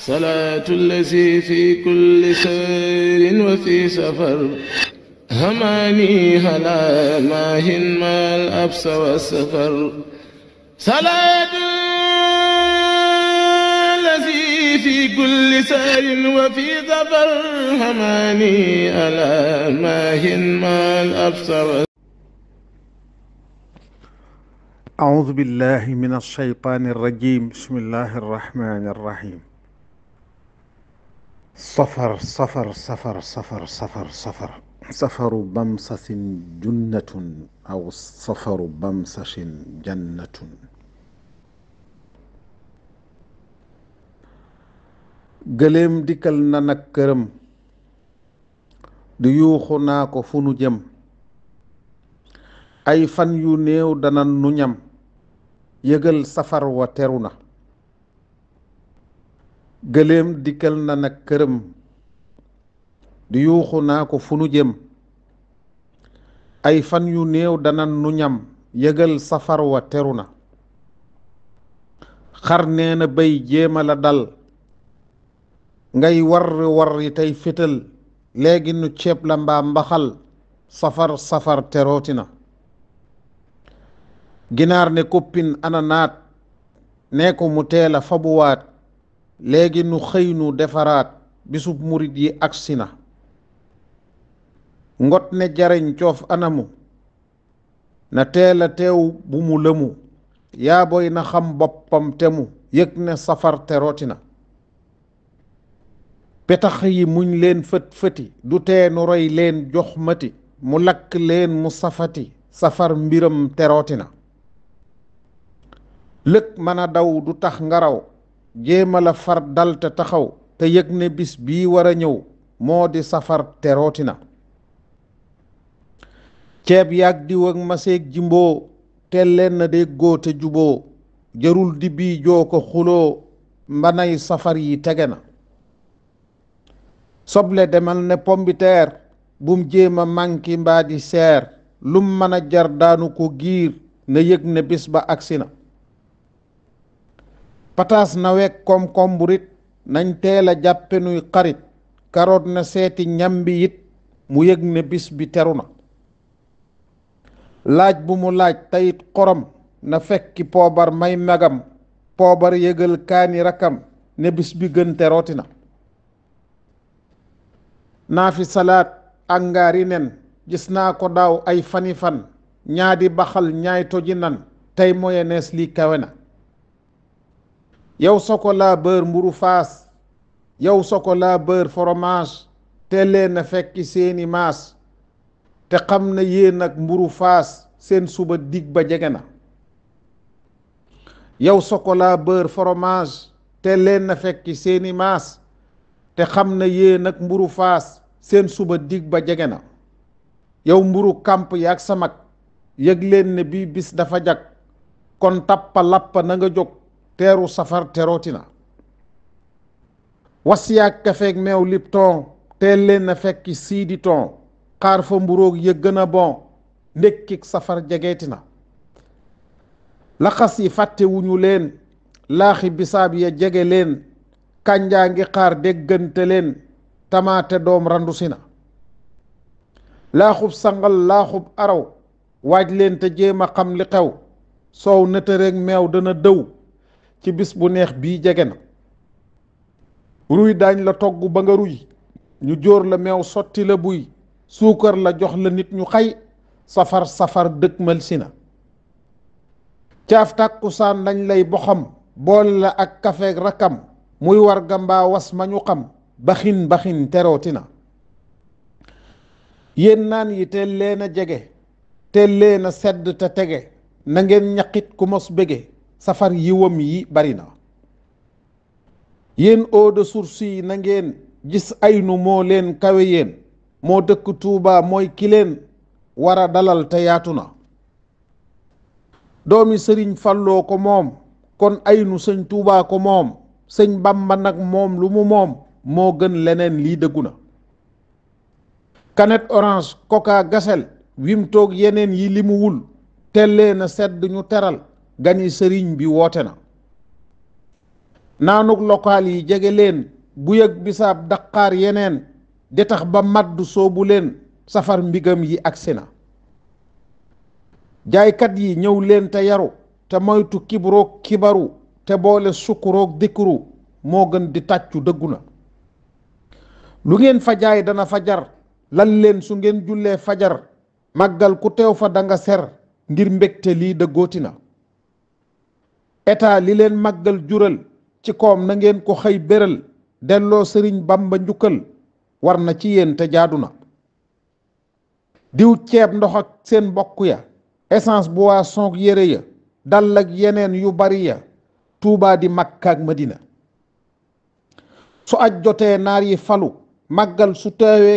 salaatu lazi fi kulli sayrin wa fi safar hamaani halaa maahin maal absa wa safar salaatu lazi fi kulli sayrin wa fi safar hamaani halaa maahin maal absa wa. أعوذ بالله من الشيطان الرجيم بسم الله الرحمن الرحيم safar safar safar safar safar safar safaru bamsasin junnatun aw safaru bamsasin jannatun gëléem dikkal na nag këram yuuxu naa ko fu jëm ay fan yu néew dana nu ñam yëgal safar wa teru na gëléem dikkal na nag këram di yuuxu naa ko fu nu jëm ay fan yu néew dana nu ñam yëgal safar wa teru na xar nee na béy jéema la dal ngay warri warri tey fétal léegi nu ceeb la mbaa mbaxal safar safar terooti na ginaar ne koppin ananaat ne ko mu teela fabuwaat léegi nu xëy nu defaraat bisub murit yi agsi na ngot ne jariñ coof anamu na teela a teew bu mu lëmu yaa na xam boppam te mu yëg ne safar te na petax yi muñ leen fët fëti du tee nu roy leen jox mati mu lakk leen mu safati safar mbiram te na lëg mën a daw du tax ngaraw jéema far dal taxaw te yëg ne bis bii war a ñëw moo di safar terooti na ceeb yàgg di ak maseeg jimboo teel leen na déggoo te juboo jarul di bii joo ko xuloo mbanay safar yi tege na soble demal ne pombiteer bum jéem a mànki mbaa di seer lum mën a jar daanu ko giir na yëg ne bis ba agsi na pataas na weeg koom-koom burit nañ teel a jàppe nuy xarit karoot na seeti ñambi it mu yëg ne bi teru na laaj bu mu laaj tayit korom na fekki poobar may megam poobar yëgal kaani rakam ne bi gën terooti na naafi salaat ak ngaari nen gis naa ko daaw ay fani fan ñaadi baxal ñaay toji nan tey moyenees lii kawe na yow chocolat beurre mburu faas yow chocolat beurre fromage te xam na yéen ak mburu faas seen suba dig ba jege yow chocolat beurre te leen na fekki seeni maas te xam na yéen ak mburu faas seen suba digg ba jege na yow mburu kàmp yaag sa mag yëg leen ne bii bis dafa jag kon tappa lappa na nga jóg teeru safar terootina wasiyaak kafeeg meew lipton teel leen na fekki siidi ton xaar fa mburoog yëg gën a bon ndékkik safar jegeeti na laxas yi fàtte wuñu leen laaxi bisaab ya jege leen kànjaa ngi xaar déggante leen tamaate doom randu si na laaxub sangal laaxub araw waaj leen te jéem xam li xew soow nëtëreeg meew dana dëw ci bis bu neex bii jege na ruy daañ la togg ba nga ruy ñu jóor la meew sotti la buy suukar la jox la nit ñu xay safar safar dëkkmal si na caaf tàkkusaan lañ lay boxam bool la ak kafeeg rakkam muy war gambaa was ma ñu xam baxin baxin terooti na yéen naan yi teel leen jege teel leen a sedd te tege na ngeen ñaqit ku mos bége safar yiwam yi bari na yéen eau de na ngeen gis aynu moo leen kawe yéen moo dëkk Tuuba mooy ki leen war dalal te yaatu na doomi sëriñ fàlloo ko moom kon aynu sëñ Tuuba ko moom sëñ Bàmba nag moom lu mu moom moo gën leneen lii dëggu na canette orange coca gasel wim toog yeneen yi li mu wul tellee na sedd ñu teral gani sëriñ bi woote na naanuk lokaal yi jege leen bu yëg bisaab daqaar yeneen di tax ba màdd soobu leen safar mbigam yi agsi na jaaykat yi ñëw leen te yaru te moytu kibrook kibaru te boole sukkuroog dikru moo gën di tàccu dëggu na lu ngeen fa jaay dana fajar lan leen su ngeen jullee fajar maggal ku teew fa danga ser ngir mbégte lii dëggooti na état li leen màggal jural ci koom na ngeen ko xëy béral delloo sëriñ bamba njukkal war na ci yéen te jaadu na diw ceeb ndox ak seen mbokk ya essence bu waa sonk yére ya dal yeneen yu bari ya tuubaa di makka ak madina su aj jotee naar yi falu màggal su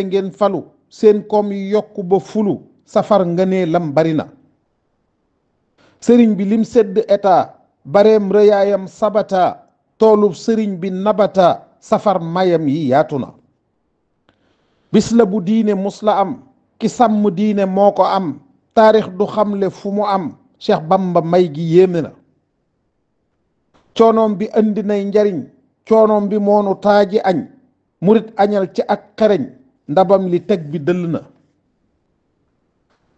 ngeen falu seen koom yi ba fulu safar nga lam bari na sëriñ bi lim sedd état bareem rëyaayam sabata toolu sëriñ bi nabata safar mayam yi yaatu na bis la bu diine mus la am ki sàmm diine moo ko am taarix du xamle fu mu am Cheikh Bamba may gi yéeme na coonoom bi andi nay njariñ coonoom bi moonu taaji añ murit añal ci ak xereñ ndabam li teg bi dëll na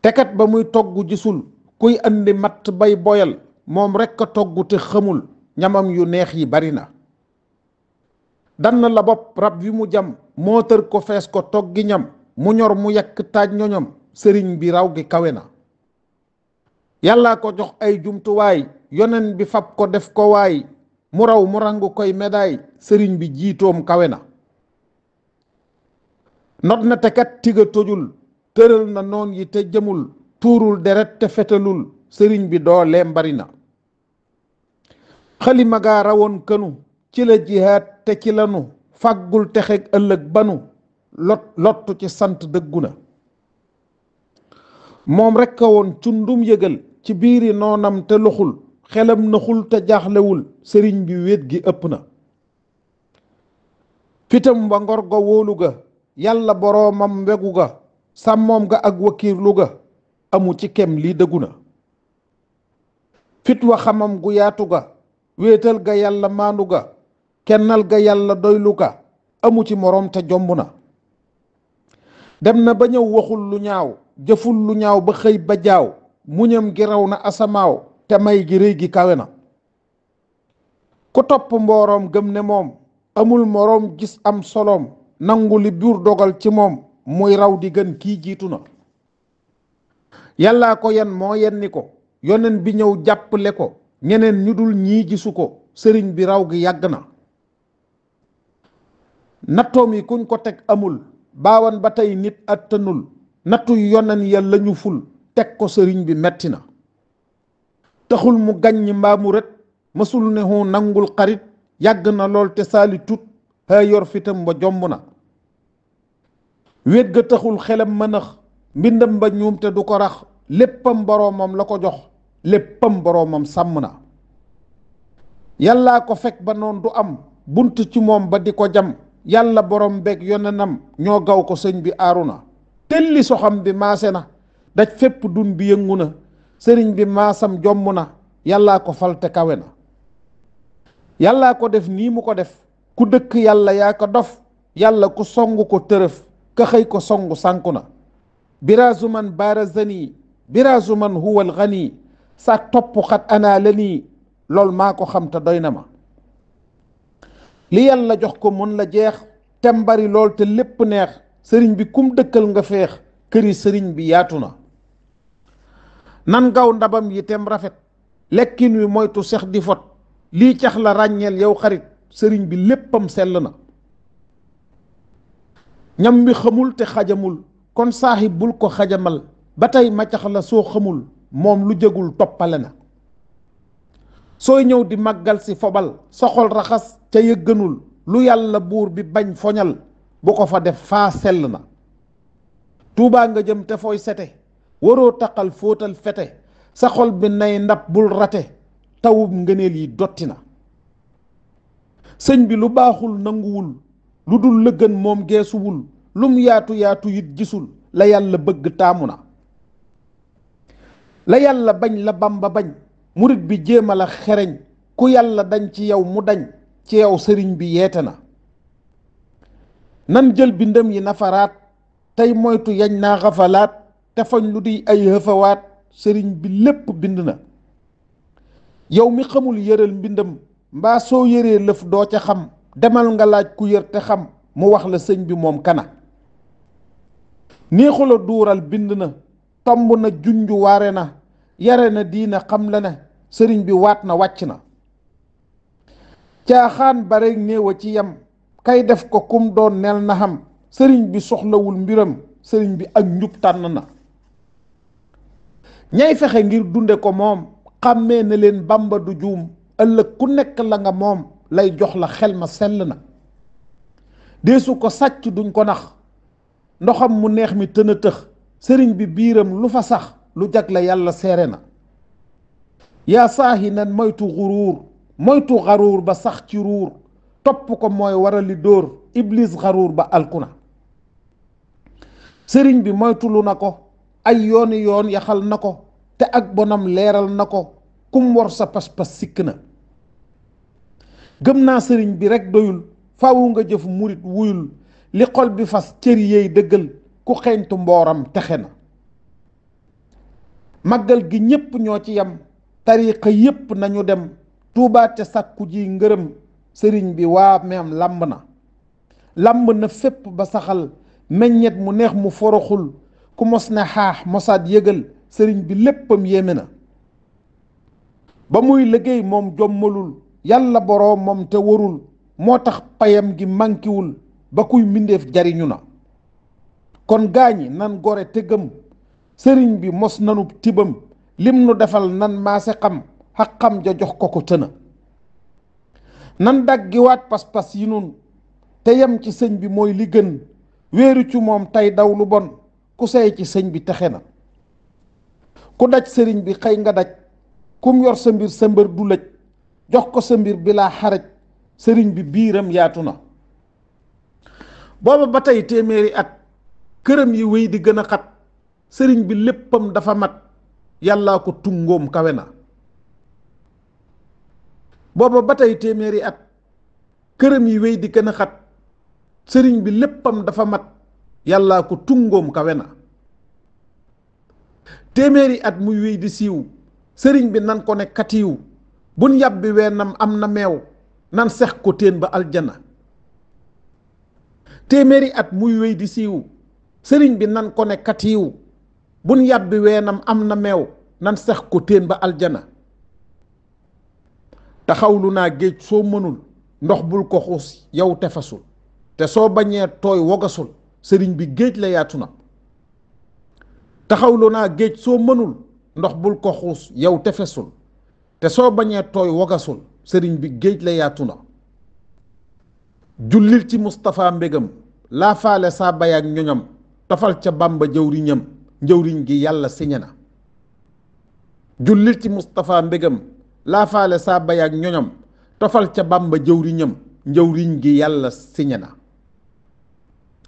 tekat ba muy toggu gisul kuy andi matt bay boyal moom rekk a togg te xamul ñamam yu neex yi bari na dann la bopp rab wi mu jam moo tër ko fees ko toggi ñam mu ñor mu yekk taaj ñoñom sëriñ bi raw gi kawe na yàllaa ko jox ay jumtuwaay yonen bi fab ko def ko waay mu raw mu rangu koy médaille sëriñ bi jiitoom kawe na not na te kat tiga tojul tëral na noon yi te jëmul tuurul deret te fetalul sëriñ bi dooleem bari na xalima kënu ci la jihaat te ci lanu fàggul texeg ëllëg banu lot lottu ci sant dëggu na moom rekk a woon cundum yëgal ci biiri noonam te loxul xelam naxul te jaaxlewul sëriñ bi wéet gi ëpp na fitam wa ngor wóolu ga yàlla boroomam wegu ga sàmmoom ga ak wakiirlu ga amu ci kem lii dëggu na fit wa xamam gu yaatu ga wéetal ga yàlla maandu ga kennal ga yàlla doylu ga amu ci moroom te jomb na dem na ba ñëw waxul lu ñaaw jëful lu ñaaw ba xëy ba jaaw muñam gi raw na asamaaw te may gi rëy gi kawe na ku topp mbooroom gëm ne moom amul moroom gis am soloom nangu li buur dogal ci moom muy raw di gën kii jiitu na yàllaa ko yan moo yenni ko yonen bi ñëw jàppale ko ñeneen ñu dul ñii gisu ko sëriñ bi raw gi yàgg na nattoom yi kuñ ko teg amul baawan ba tey nit attanul nattu yonen ya lañu ful teg ko sëriñ bi metti na taxul mu gaññi mbaamu mu rët mësul ne nangul xarit yàgg na lool te saali tut haa yor fitam ba jomb na wét ga taxul xelam mënax mbindam ba ñuum te du ko rax léppam boroomam la ko jox léppam boroomam sàmm na yàllaa ko fek ba noonu du am bunt ci moom ba di ko jam yàlla borom beeg yonenam ñoo gaw ko sëñ bi aaru na telli soxam bi maase na daj fépp dun bi yëngu na sëriñ bi maasam jomm na yàllaa ko falte kawe na yàllaa ko def nii mu ko def ku dëkk yàlla yaa ko dof yàlla ku song ko tërëf ka xëy ko song sànku na biraasu man barazani biraasu man huwa sa topp xat ana nii loolu maa ko xam te doy na ma li yàlla jox ko mën la jeex tem bari lool te lépp neex sëriñ bi kum dëkkal nga feex këri sëriñ bi yaatu na nan gaw ndabam yi tem rafet lekkin wi moytu sex di fot lii cax la ràññeel yow xarit sëriñ bi léppam sell na ñam wi xamul te xajamul kon saaxib bul ko xajamal ba tey ma cax la soo xamul moom lu jëgul toppale na sooy ñëw di màggal si fobal soxol raxas ca yëgganul lu yàlla buur bi bañ foñal bu ko fa def faa sell na tuubaa nga jëm te fooy sete waroo taqal fóotal fete sa xol bi nay ndab bul rate tawub ngëneel yi dotti na sëñ bi lu baaxul nanguwul lu dul lëggan moom geesuwul lum yaatu yaatu it gisul la yàlla bëgg taamu na la yàlla bañ la bamba bañ murit bi jéem a la xereñ ku yàlla dañ ci yow mu dañ ci yow sëriñ bi yeete na nan jël bindam yi nafaraat tey moytu yañ naa xafalaat te fañ lu di ay hëfawaat sëriñ bi lépp bind na yow mi xamul yëral mbindam mbaa soo yëree lëf doo ca xam demal nga laaj ku yër te xam mu wax la sëñ bi moom kana neexula duural bind na tomb na junj waare na yare na diina xam la ne sëriñ bi waat na wàcc na caaxaan bareeg néew ci yam kay def ko kum doon nel na xam sëriñ bi soxlawul mbiram sëriñ bi ak njub tànn na ñay fexe ngir dunde ko moom xàmmee na leen bàmba du juum ëllëg ku nekk la nga moom lay jox la xel ma sell na deesu ko sàcc duñ ko nax ndoxam mu neex mi tën a tëx sëriñ bi biiram lu fa sax lu jagle yàlla seere na yaa saahi nan moytu xuruur moytu xaruur ba sax ci ruur topp ko mooy warali dóor iblis xaruur ba alkuna sëriñ bi moytulu na ko ay yooni yoon yaxal na ko te ak bonam leeral na ko kum war sa pas-pas sikk na gëm naa sëriñ bi rekk doyul faawu nga jëf murit wuyul li xol bi fas cër yeey dëggal ku xeeñtu mbooram texe na màggal gi ñépp ñoo ci yam tariqa yépp nañu dem tuubaat ca sàkku ji ngërëm sëriñ bi waa meem làmb na làmb na fépp ba saxal meññet mu neex mu foroxul ku mos ne xaax mosaat yëgal sëriñ bi léppam yéeme na ba muy liggéey moom jommalul yàlla boroom moom te warul moo tax payam gi mànkiwul ba kuy mbindeef jariñu na kon gaañi nan gore te sëriñ bi mos nanu tibam lim nu defal nan maase xam xaqam ja jox ko ko tëna nan daggiwaat pas-pas yi nun te yem ci sëñ bi mooy li gën wéeru ci moom tey daw lu bon ku sey ci sëñ bi texe na ku daj sëriñ bi xëy nga daj kum yor sa mbir sa mbër du lëj jox ko sa mbir bilaa laa sëriñ bi biiram yaatu na booba ba tey téeméeri at këram yi wéy di gën xat sëriñ bi léppam dafa mat yàllaa ko tungoom kawe na booba ba tey téeméeri at këram yi wéy di gën a xat sëriñ bi léppam dafa mat yàllaa ko tungoom kawe na téeméeri at muy wéy di siiw sëriñ bi nan ko ne katiiw bun yàbbi weenam am na meew nan sex ko téen ba aljana téeméeri at muy wéy di siiw sëriñ bi nan ko ne katiiw bun yàbbi weenam am na meew nan sax ko téen ba aljana taxawlu naa géej soo mënul ndox bul ko xuus yow tefasul te soo bañee tooy wogasul sëriñ bi géej la yaatu na taxawlu naa géej soo mënul ndox bul ko xuus yow tefesul te soo bañee tooy wogasul sëriñ bi géej la yaatu na jullil ci mustafaa mbégam laa faale saa bay ak ñoñam tafal ca bàmba jëwriñam jëwriñ gi yàlla siñe na jullil ci Moustapha mbégam laafaale saa bayaak ñoñam tofal ca bàmba jëwriñam njëwriñ gi yàlla siñe na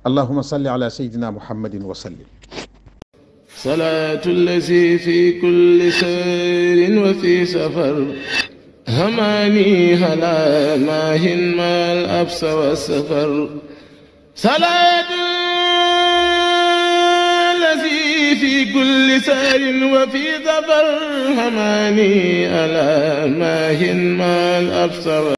allahuma salli ala sayidina muhammadin wa sallim salaatu allazi fi kulli sayrin wa fi safar hamaani halaa maahin maal absa wa safar في كل سهر وفي ظفر هماني ألا ماهن ما الأبصر